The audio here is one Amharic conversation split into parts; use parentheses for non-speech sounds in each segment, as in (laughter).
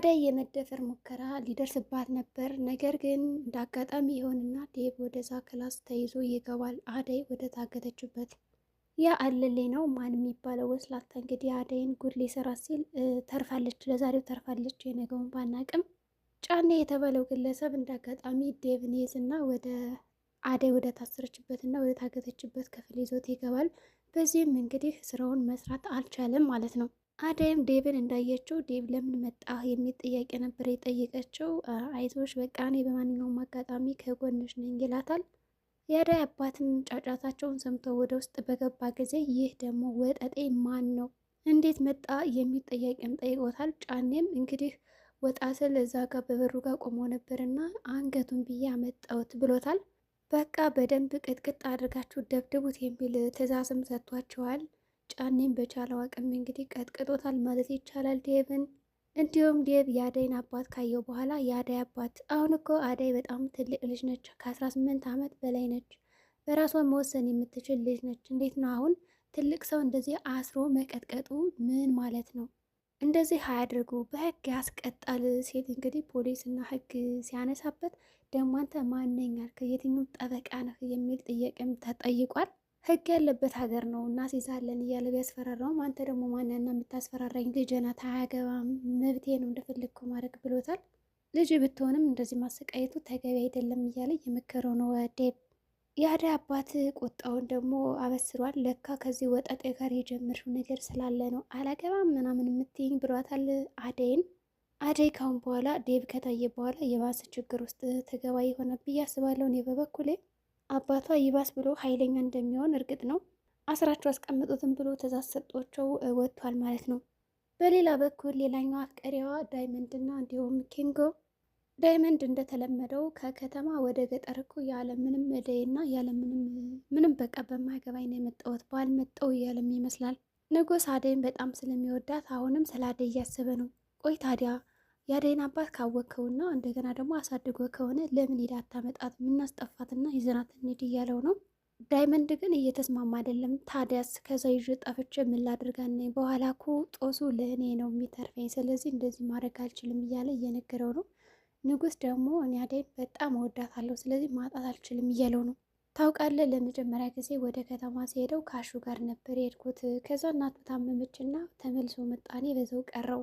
አደይ የመደፈር ሙከራ ሊደርስባት ነበር። ነገር ግን እንዳጋጣሚ ይሆንና ዴብ ወደዛ ክላስ ተይዞ ይገባል። አደይ ወደ ታገተችበት ያ አለሌ ነው ማን የሚባለው ወስላታ እንግዲህ አደይን ጉድ ሊሰራ ሲል ተርፋለች። ለዛሬው ተርፋለች፣ የነገውን ባናቅም ጫኔ የተባለው ግለሰብ እንዳጋጣሚ ዴብን ይዝና ወደ አደይ ወደ ታሰረችበት ወደ ታገተችበት ክፍል ይዞት ይገባል። በዚህም እንግዲህ ስራውን መስራት አልቻለም ማለት ነው። አደይም ዴብን እንዳየችው ዴብ ለምን መጣህ የሚል ጥያቄ ነበር የጠየቀችው። አይዞሽ በቃ እኔ በማንኛውም አጋጣሚ ከጎንሽ ነኝ ይላታል። የአደይ አባትም ጫጫታቸውን ሰምተው ወደ ውስጥ በገባ ጊዜ ይህ ደግሞ ወጠጤ ማን ነው እንዴት መጣ የሚል ጥያቄም ጠይቆታል። ጫኔም እንግዲህ ወጣ ስል እዛ ጋር በበሩ ጋር ቆሞ ነበርና አንገቱን ብዬ አመጣሁት ብሎታል። በቃ በደንብ ቅጥቅጥ አድርጋችሁ ደብድቡት የሚል ትዕዛዝም ሰጥቷቸዋል። ጫኔን በቻለው አቅም እንግዲህ ቀጥቅጦታል ማለት ይቻላል ዴቭን። እንዲሁም ዴቭ የአደይን አባት ካየው በኋላ የአደይ አባት አሁን እኮ አደይ በጣም ትልቅ ልጅ ነች፣ ከ18 ዓመት በላይ ነች፣ በራሷን መወሰን የምትችል ልጅ ነች። እንዴት ነው አሁን ትልቅ ሰው እንደዚህ አስሮ መቀጥቀጡ ምን ማለት ነው? እንደዚህ አያድርጉ፣ በህግ ያስቀጣል ሲል እንግዲህ ፖሊስ እና ህግ ሲያነሳበት ደግሞ አንተ ማነኛል ከየትኛው ጠበቃ ነህ የሚል ጥያቄም ተጠይቋል። ህግ ያለበት ሀገር ነው እና ሲዛለን እያለ ቢያስፈራራውም አንተ ደግሞ ማንና የምታስፈራራኝ ልጅ ናት፣ አያገባም፣ መብቴ ነው እንደፈለግኩ ማድረግ ብሎታል። ልጅ ብትሆንም እንደዚህ ማሰቃየቱ ተገቢ አይደለም እያለ የመከረው ነው ዴብ። የአደይ አባት ቁጣውን ደግሞ አበስሯል። ለካ ከዚህ ወጠጤ ጋር የጀመርሽው ነገር ስላለ ነው አላገባም ምናምን የምትይኝ ብሏታል አደይን። አደይ ካሁን በኋላ ዴብ ከታየ በኋላ የባሰ ችግር ውስጥ ተገባ ይሆናል ብዬ አስባለሁ እኔ በበኩሌ አባቷ ይባስ ብሎ ኃይለኛ እንደሚሆን እርግጥ ነው። አስራቸው አስቀምጡትም ብሎ ትእዛዝ ሰጧቸው ወጥቷል ማለት ነው። በሌላ በኩል ሌላኛዋ አፍቀሪዋ ዳይመንድ እና እንዲሁም ኪንጎ ዳይመንድ እንደተለመደው ከከተማ ወደ ገጠር እኮ እደይ እደይና ያለምንም ምንም በቃ በማገባኝ ነው የመጣሁት መጠው እያለም ይመስላል። ንጉስ አደይን በጣም ስለሚወዳት አሁንም ስለ አደይ እያሰበ ነው። ቆይ ታዲያ የአደይን አባት ካወቅከውና እንደገና ደግሞ አሳድጎ ከሆነ ለምን ሄዳ አታመጣት የምናስጠፋትና ይዘናት እንሂድ እያለው ነው። ዳይመንድ ግን እየተስማማ አይደለም። ታዲያስ ከዛ ይዤ ጠፍቼ የምላደርጋነ በኋላ እኮ ጦሱ ለእኔ ነው የሚተርፈኝ፣ ስለዚህ እንደዚህ ማድረግ አልችልም እያለ እየነገረው ነው። ንጉስ ደግሞ እኔ አደይን በጣም እወዳታለሁ፣ ስለዚህ ማጣት አልችልም እያለው ነው። ታውቃለህ ለመጀመሪያ ጊዜ ወደ ከተማ ሲሄደው ካሹ ጋር ነበር የሄድኩት። ከዛ እናቱ ታመመችና ተመልሶ መጣኔ በዛው ቀረው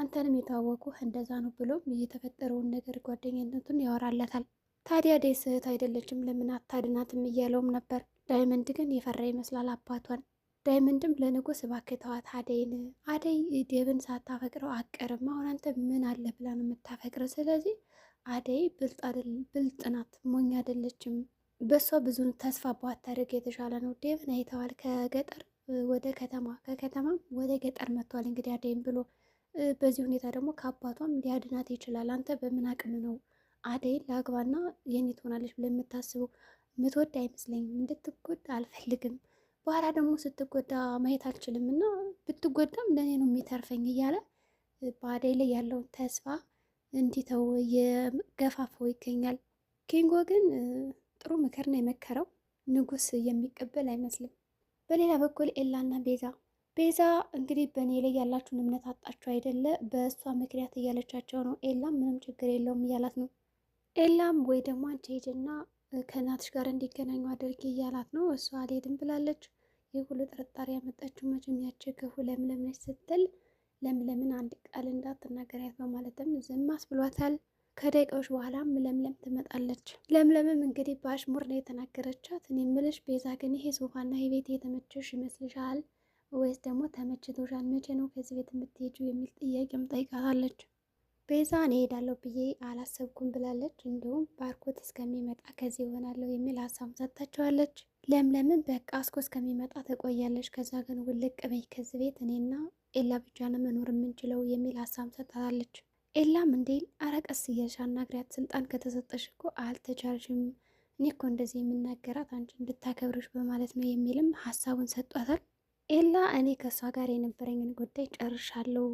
አንተንም የተዋወቁህ እንደዛ ነው ብሎም የተፈጠረውን ነገር ጓደኝነቱን ያወራለታል። ታዲያ ዴስ እህት አይደለችም ለምን አታድናትም እያለውም ነበር። ዳይመንድ ግን የፈራ ይመስላል አባቷን። ዳይመንድም ለንጉስ እባክህ ተዋት አደይን፣ አደይ ዴብን ሳታፈቅረው አቀርም። አሁን አንተ ምን አለ ብላ ነው የምታፈቅረ? ስለዚህ አደይ ብልጥ ናት፣ ሞኝ አይደለችም። በእሷ ብዙን ተስፋ ባታደርግ የተሻለ ነው። ዴብን አይተዋል፣ ከገጠር ወደ ከተማ፣ ከከተማም ወደ ገጠር መጥቷል። እንግዲህ አደይም ብሎ በዚህ ሁኔታ ደግሞ ከአባቷም ሊያድናት ይችላል። አንተ በምን አቅም ነው አደይን ለአግባና የኔ ትሆናለች ብለህ የምታስበው? ምትወድ አይመስለኝም። እንድትጎዳ አልፈልግም። በኋላ ደግሞ ስትጎዳ ማየት አልችልም እና ብትጎዳም ለእኔ ነው የሚተርፈኝ እያለ በአደይ ላይ ያለውን ተስፋ እንዲተው እየገፋፈው ይገኛል። ኪንጎ ግን ጥሩ ምክር ነው የመከረው። ንጉስ የሚቀበል አይመስልም። በሌላ በኩል ኤላና ቤዛ ቤዛ እንግዲህ በእኔ ላይ ያላችሁን እምነት አጣችሁ አይደለ? በእሷ ምክንያት እያለቻቸው ነው። ኤላም ምንም ችግር የለውም እያላት ነው። ኤላም ወይ ደግሞ አንቺ ሂጂና ከእናትሽ ጋር እንዲገናኙ አድርጊ እያላት ነው። እሷ አልሄድም ብላለች። ይህ ሁሉ ጥርጣሬ ያመጣችው መቼም ያቺ ለምለም ነች ስትል ለምለምን አንድ ቃል እንዳትናገሪያት በማለትም ዝም አስብሏታል። ከደቂቃዎች በኋላም ለምለም ትመጣለች። ለምለምም እንግዲህ በአሽሙር ነው የተናገረቻት። እኔ የምልሽ ቤዛ ግን ይሄ ሶፋና ይሄ ቤት የተመቸሽ ይመስልሻል? ወይስ ደግሞ ተመችቶሻል፣ መቼ ነው ከዚህ ቤት የምትሄጂው የሚል ጥያቄም ጠይቃታለች። ቤዛ እኔ እሄዳለሁ ብዬ አላሰብኩም ብላለች። እንዲሁም ባርኮት እስከሚመጣ ከዚህ ይሆናለሁ የሚል ሀሳብ ሰጥታቸዋለች። ለምለምን በቃ አስኮ እስከሚመጣ ትቆያለች። ከዛ ግን ውልቅ በይ ከዚህ ቤት እኔና ኤላ ብቻ ነው መኖር የምንችለው የሚል ሀሳብ ሰጣለች። ኤላም እንዴ አረቀስ ቀስ አናግሪያት፣ ስልጣን ከተሰጠሽ እኮ አልተቻልሽም፣ እኔ እኮ እንደዚህ የምናገራት አንቺ እንድታከብርሽ በማለት ነው የሚልም ሀሳቡን ሰጧታል። ኤላ እኔ ከእሷ ጋር የነበረኝን ጉዳይ ጨርሻለሁ፣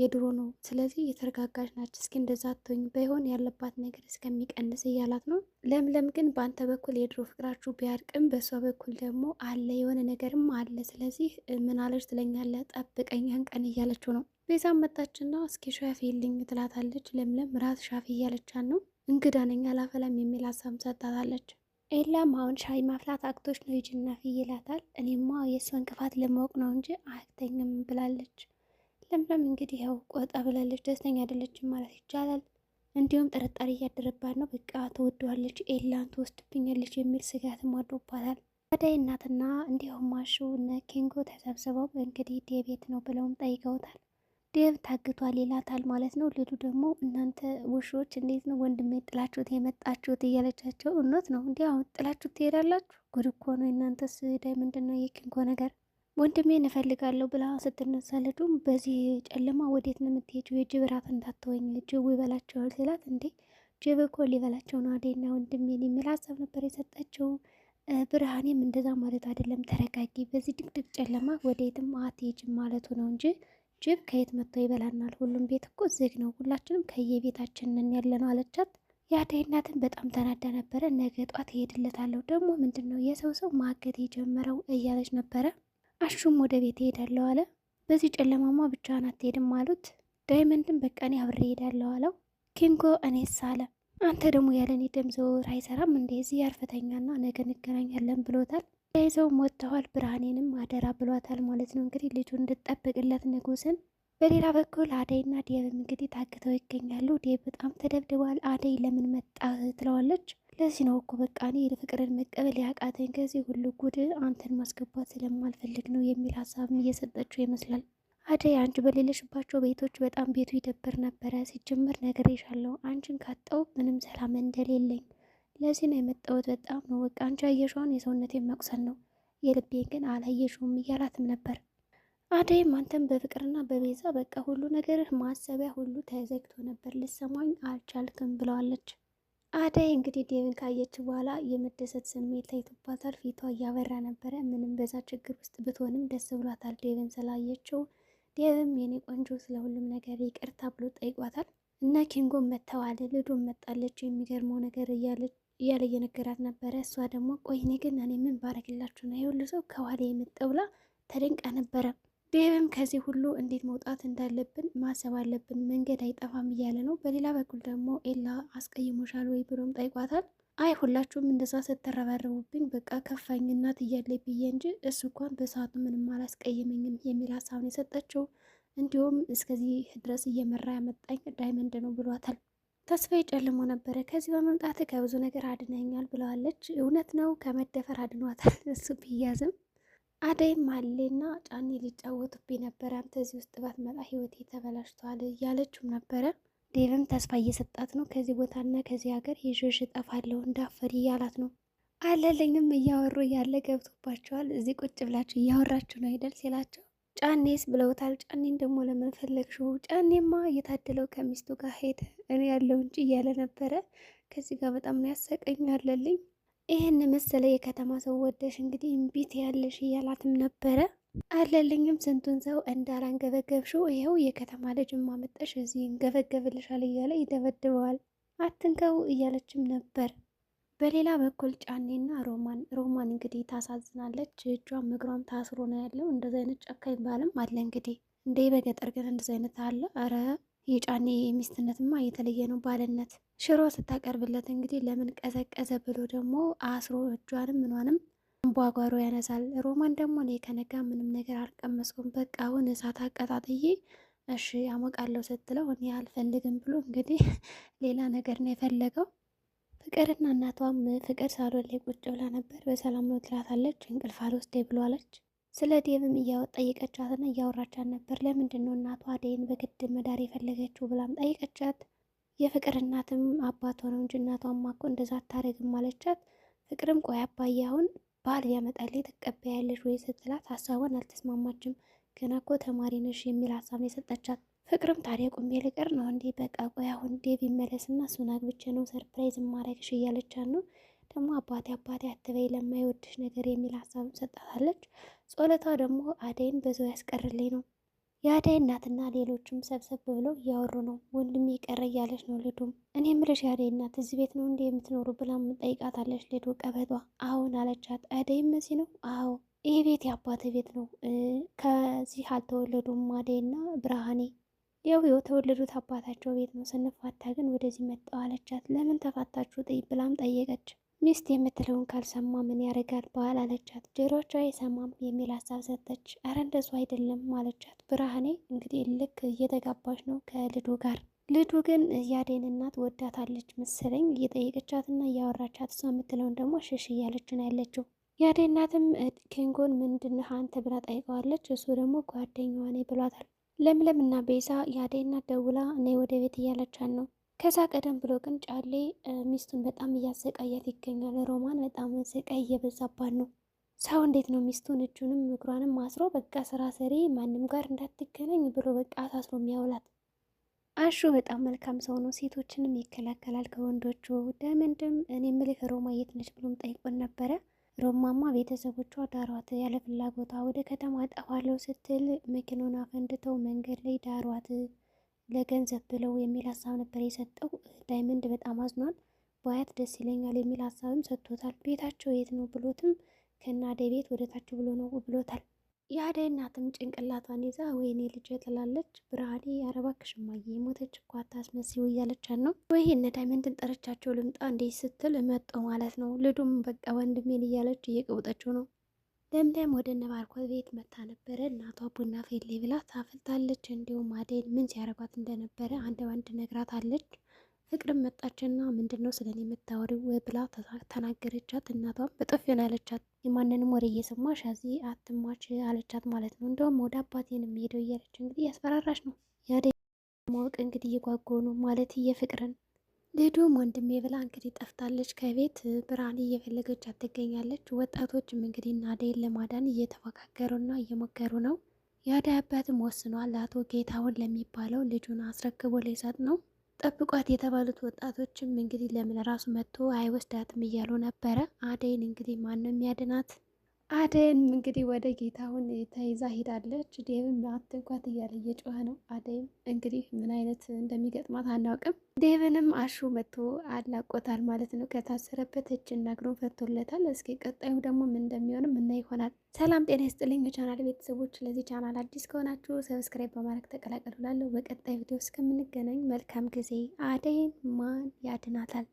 የድሮ ነው። ስለዚህ የተረጋጋች ናች። እስኪ እንደዛ አትሆኝ በይሆን ያለባት ነገር እስከሚቀንስ እያላት ነው። ለምለም ግን በአንተ በኩል የድሮ ፍቅራችሁ ቢያርቅም በእሷ በኩል ደግሞ አለ፣ የሆነ ነገርም አለ። ስለዚህ ምናለች ትለኛለ ጠብቀኝ ቀን እያለችው ነው። ቤዛ መጣችና እስኪ ሻፊ ልኝ ትላታለች። ለምለም ራስ ሻፊ እያለቻት ነው። እንግዳ ነኝ አላፈላም የሚል ሀሳብ ሰጣታለች። ኤላም አሁን ሻይ ማፍላት አክቶች ነው ሂጂና ይላታል። እኔማ የእሷን እንቅፋት ለማወቅ ነው እንጂ አያክተኝም ብላለች። ለምለም እንግዲህ ያው ቆጣ ብላለች፣ ደስተኛ አይደለችም ማለት ይቻላል። እንዲሁም ጥርጣሬ እያደረባት ነው። በቃ ተወደዋለች ኤላን ትወስድብኛለች የሚል ስጋትም አድሮባታል። አደይ እናትና እንዲሁም ማሹ እነ ኬንጎ ተሰብስበው እንግዲህ ዴቤት ነው ብለውም ጠይቀውታል። ዴቭ ታግቷል ይላታል ማለት ነው። ልዱ ደግሞ እናንተ ውሾች እንዴት ነው ወንድሜ ጥላችሁት የመጣችሁት እያለቻቸው፣ እውነት ነው እንዲህ አሁን ጥላችሁት ትሄዳላችሁ? ጉድ እኮ ነው እናንተስ። ዳይ ምንድን ነው ነገር? ወንድሜን እፈልጋለሁ ብላ ስትነሳ ልዱም በዚህ ጨለማ ወዴት ነው የምትሄጂው? የጅብ ራት እንዳትወኝ ጅቡ ይበላቸዋል ሲላት፣ እንዴ ጅብ እኮ ሊበላቸው ነው አዴና ወንድሜን የሚል ሀሳብ ነበር የሰጠችው። ብርሃኔም እንደዛ ማለት አይደለም ተረጋጊ፣ በዚህ ድቅድቅ ጨለማ ወዴትም አትሄጂም ማለቱ ነው እንጂ ጅብ ከየት መጥቶ ይበላናል? ሁሉም ቤት እኮ ዝግ ነው፣ ሁላችንም ከየቤታችን ያለ ነው አለቻት። የአደይ እናትን በጣም ተናዳ ነበረ። ነገ ጧት እሄድለታለሁ ደግሞ ምንድን ነው የሰው ሰው ማገት የጀመረው እያለች ነበረ። አሹም ወደ ቤት እሄዳለሁ አለ። በዚህ ጨለማማ ብቻህን አትሄድም አሉት። ዳይመንድን በቃ እኔ አብሬ እሄዳለሁ አለው። ኪንጎ እኔስ አለ። አንተ ደግሞ ያለኔ ደም አይሰራም እንደዚህ ያርፈተኛና ነገ እንገናኛለን ብሎታል። ተይዘውም ወጥተዋል። ብርሃኔንም አደራ ብሏታል ማለት ነው። እንግዲህ ልጁ እንድጠብቅለት ንጉስን በሌላ በኩል አደይና ዴብ እንግዲህ ታግተው ይገኛሉ። ዴብ በጣም ተደብድቧል። አደይ ለምን መጣ ትለዋለች። ለዚህ ነው እኮ በቃ እኔ ፍቅርን መቀበል ያቃተኝ ከዚህ ሁሉ ጉድ አንተን ማስገባት ስለማልፈልግ ነው የሚል ሀሳብም እየሰጠችው ይመስላል። አደይ አንቺ በሌለሽባቸው ቤቶች በጣም ቤቱ ይደብር ነበረ። ሲጀምር ነገር ይሻለው አንቺን ካጠው ምንም ሰላም እንደሌለኝ ለዚህ ነው የመጣሁት። በጣም ነው በቃ አንቺ አየሽውን የሰውነቴን መቁሰል ነው የልቤን ግን አላየሽውም እያላትም ነበር። አደይም አንተም በፍቅርና በቤዛ በቃ ሁሉ ነገርህ ማሰቢያ ሁሉ ተዘግቶ ነበር፣ ልሰማኝ አልቻልክም ብለዋለች። አደይ እንግዲህ ዴቭን ካየች በኋላ የመደሰት ስሜት ታይቶባታል። ፊቷ እያበራ ነበረ። ምንም በዛ ችግር ውስጥ ብትሆንም ደስ ብሏታል ዴቭን ስላየችው። ዴቭም የኔ ቆንጆ ስለ ሁሉም ነገር ይቅርታ ብሎ ጠይቋታል። እነ ኪንጎን መጥተዋል፣ ልዶን መጣለች፣ የሚገርመው ነገር እያለች እያለ እየነገራት ነበረ። እሷ ደግሞ ቆይ እኔ ግን እኔ ምን ባረግላችሁ ነው የሁሉ ሰው ከኋላ የመጣው ብላ ተደንቃ ነበረ። ዴብም ከዚህ ሁሉ እንዴት መውጣት እንዳለብን ማሰብ አለብን፣ መንገድ አይጠፋም እያለ ነው። በሌላ በኩል ደግሞ ኤላ አስቀይሞሻል ወይ ብሎም ጠይቋታል። አይ ሁላችሁም እንደዛ ስትረበረቡብኝ በቃ ከፋኝ እናት እያለ ብዬ እንጂ እሱ እንኳን በሰዓቱ ምንም አላስቀየመኝም የሚል ሀሳብ ነው የሰጠችው። እንዲሁም እስከዚህ ድረስ እየመራ ያመጣኝ ዳይመንድ ነው ብሏታል። ተስፋዬ ጨልሞ ነበረ። ከዚህ በመምጣት ከብዙ ነገር አድነኛል ብለዋለች። እውነት ነው፣ ከመደፈር አድኗታል። (laughs) እሱ ብያዝም አደይም አሌና ጫኔ ሊጫወቱብኝ ነበረ፣ አንተ እዚህ ውስጥ ባትመጣ ህይወቴ ተበላሽተዋል እያለችም ነበረ። ዴቭም ተስፋ እየሰጣት ነው። ከዚህ ቦታና ከዚህ ሀገር ይዤሽ እጠፋለሁ እንዳፈሪ እያላት ነው። አለልኝም እያወሩ እያለ ገብቶባቸዋል። እዚህ ቁጭ ብላችሁ እያወራችሁ ነው አይደል ሲላቸው ጫኔስ ብለውታል። ጫኔን ደግሞ ለምን ፈለግሽው? ጫኔማ እየታደለው ከሚስቱ ጋር ሄደ፣ እኔ ያለው እንጂ እያለ ነበረ። ከዚህ ጋር በጣም ነው አለልኝ። ይህን መሰለ የከተማ ሰው ወደሽ እንግዲህ እምቢት ያለሽ እያላትም ነበረ። አለልኝም ስንቱን ሰው እንዳላንገበገብሽው ይኸው የከተማ ልጅ ማመጠሽ እዚህ እንገበገብልሻል እያለ ይደበድበዋል። አትንከው እያለችም ነበር። በሌላ በኩል ጫኔና ሮማን ሮማን እንግዲህ ታሳዝናለች። እጇም እግሯም ታስሮ ነው ያለው። እንደዚ አይነት ጨካኝ ባልም አለ እንግዲህ እንዴ! በገጠር ግን እንደዚ አይነት አለ። ኧረ የጫኔ ሚስትነትማ የተለየ ነው ባልነት። ሽሮ ስታቀርብለት እንግዲህ ለምን ቀዘቀዘ ብሎ ደግሞ አስሮ እጇንም ምኗንም እንቧጓሮ ያነሳል። ሮማን ደግሞ እኔ ከነጋ ምንም ነገር አልቀመስኩም፣ በቃ አሁን እሳት አቀጣጥዬ እሺ አሞቃለሁ ስትለው እኔ አልፈልግም ብሎ እንግዲህ (laughs) ሌላ ነገር ነው የፈለገው። ፍቅርና እናቷም ፍቅር ሳሎን ላይ ቁጭ ብላ ነበር። በሰላም ነው ትላታለች። እንቅልፍ አልወስደኝ ብሏለች። ስለ ዴብም እያወ ጠይቀቻትና እያወራቻት ነበር። ለምንድን ነው እናቷ አደይን በግድ መዳር የፈለገችው ብላም ጠይቀቻት። የፍቅር እናትም አባቷ ነው እንጂ እናቷማ እኮ እንደዛ አታደርግም አለቻት። ፍቅርም ቆይ አባዬ አሁን ባል ያመጣልኝ ትቀበያለሽ ወይ ስትላት ሀሳቧን አልተስማማችም። ገና እኮ ተማሪ ነሽ የሚል ሀሳብ ነው የሰጠቻት። ፍቅርም ታዲያ ቁሜ ልቀር ነው እንዴ? በቃ ቆይ አሁን ዴቭ ይመለስና እሱን አግብቼ ነው ሰርፕራይዝ ማረግሽ እያለቻት ነው። ደግሞ አባቴ አባቴ አትበይ ለማይወድሽ ነገር የሚል ሀሳብም ሰጣታለች። ጸሎቷ ደግሞ አደይን በዛው ያስቀርልኝ ነው። የአደይ እናትና ሌሎችም ሰብሰብ ብለው እያወሩ ነው። ወንድሜ ቀረ እያለች ነው ልዱም። እኔ ምልሽ የአደይ እናት እዚህ ቤት ነው እንዴ የምትኖሩ ብላም ጠይቃታለች። ልዱ ቀበጧ አሁን አለቻት። አደይም መሲ ነው አዎ ይህ ቤት የአባት ቤት ነው። ከዚህ አልተወለዱም አደይና ብርሃኔ ያው የተወለዱት አባታቸው ቤት ነው። ስንፋታ ግን ወደዚህ መጣ አለቻት። ለምን ተፋታችሁ ብላም ጠየቀች። ሚስት የምትለውን ካልሰማ ምን ያደርጋል ባል አለቻት። ጆሮቿ አይሰማም የሚል ሀሳብ ሰጠች። አረ እንደሱ አይደለም አለቻት። ብርሃኔ እንግዲህ ልክ እየተጋባች ነው ከልዱ ጋር። ልዱ ግን ያዴን እናት ወዳታለች መሰለኝ እየጠየቀቻትና እያወራቻት፣ እሷ የምትለውን ደግሞ ሽሽ ነው ያለችው ያዴ እናትም ኬንጎን ምንድነህ አንተ ብላ ጠይቀዋለች። እሱ ደግሞ ጓደኛዋ ነኝ ብሏታል። ለምለምና ቤዛ የአደይና ደውላ እኔ ወደ ቤት እያለቻን ነው። ከዛ ቀደም ብሎ ግን ጫሌ ሚስቱን በጣም እያሰቃያት ይገኛል። ሮማን በጣም ስቃይ እየበዛባት ነው። ሰው እንዴት ነው ሚስቱን እጁንም እግሯንም አስሮ በቃ ስራ ሰሪ፣ ማንም ጋር እንዳትገናኝ ብሎ በቃ አሳስሮ የሚያውላት አሹ በጣም መልካም ሰው ነው። ሴቶችንም ይከላከላል ከወንዶቹ። ደምንድም እኔ ምልህ ሮማ የት ነች ብሎም ጠይቆን ነበረ ሮማማ ቤተሰቦቿ ዳሯት። ያለ ፍላጎቷ ወደ ከተማ ጠፋለው ስትል መኪናውን አፈንድተው መንገድ ላይ ዳሯት ለገንዘብ ብለው የሚል ሀሳብ ነበር የሰጠው። ዳይመንድ በጣም አዝኗል። በአያት ደስ ይለኛል የሚል ሀሳብም ሰጥቶታል። ቤታቸው የት ነው ብሎትም ከእናደ ቤት ወደታች ብሎ ነው ብሎታል። የአደይ እናትም ጭንቅላቷን ይዛ ወይኔ ልጄ ትላለች። ብርሃኔ ያረባክሽ እማዬ የሞተች እኮ አታስመስይው እያለቻት ነው። ወይ እነ ዳይመንድን ጠረቻቸው ልምጣ እንዴ ስትል መጦ ማለት ነው። ልዱም በቃ ወንድሜን እያለች እየቀውጠችው ነው። ለምለም ወደ እነ ባርኮት ቤት መታ ነበረ። እናቷ ቡና ፌሌ ብላ ታፈልታለች። እንዲሁም አደይን ምን ሲያረጓት እንደነበረ አንድ ባንድ ነግራታለች። ፍቅርም መጣችና ምንድን ነው ስለኔ የምታወሪው ብላ ተናገረቻት። እናቷም በጥፊ ነው ያለቻት። የማንንም ወሬ እየሰማሽ እዚህ አትማች አለቻት ማለት ነው። እንደውም ወደ አባቴን የሚሄደው እያለች እንግዲህ ያስፈራራሽ ነው። ያደ ማወቅ እንግዲህ እየጓጎ ነው ማለት የፍቅርን ልዱም ወንድሜ ብላ እንግዲህ ጠፍታለች ከቤት ብርሃን እየፈለገች ትገኛለች። ወጣቶችም እንግዲህ አደይን ለማዳን እየተፎካከሩና እየሞከሩ ነው። የአደይ አባትም ወስኗል። አቶ ጌታሁን ለሚባለው ልጁን አስረክቦ ሊሰጥ ነው። ጠብቋት የተባሉት ወጣቶችም እንግዲህ ለምን ራሱ መጥቶ አይወስዳትም እያሉ ነበረ። አደይን እንግዲህ ማንም ያድናት አደይን እንግዲህ ወደ ጌታሁን ተይዛ ሄዳለች። ዴቭም አትንኳት እያለ እየጮኸ ነው። አደይም እንግዲህ ምን አይነት እንደሚገጥማት አናውቅም። ዴቭንም አሹ መጥቶ አላቆታል ማለት ነው። ከታሰረበት እጅና እግሩን ፈቶለታል። እስኪ ቀጣዩ ደግሞ ምን እንደሚሆንም እና ይሆናል። ሰላም ጤና ይስጥልኝ የቻናል ቤተሰቦች፣ ለዚህ ቻናል አዲስ ከሆናችሁ ሰብስክራይብ በማድረግ ተቀላቀሉላለሁ። በቀጣይ ቪዲዮ እስከምንገናኝ መልካም ጊዜ። አደይን ማን ያድናታል?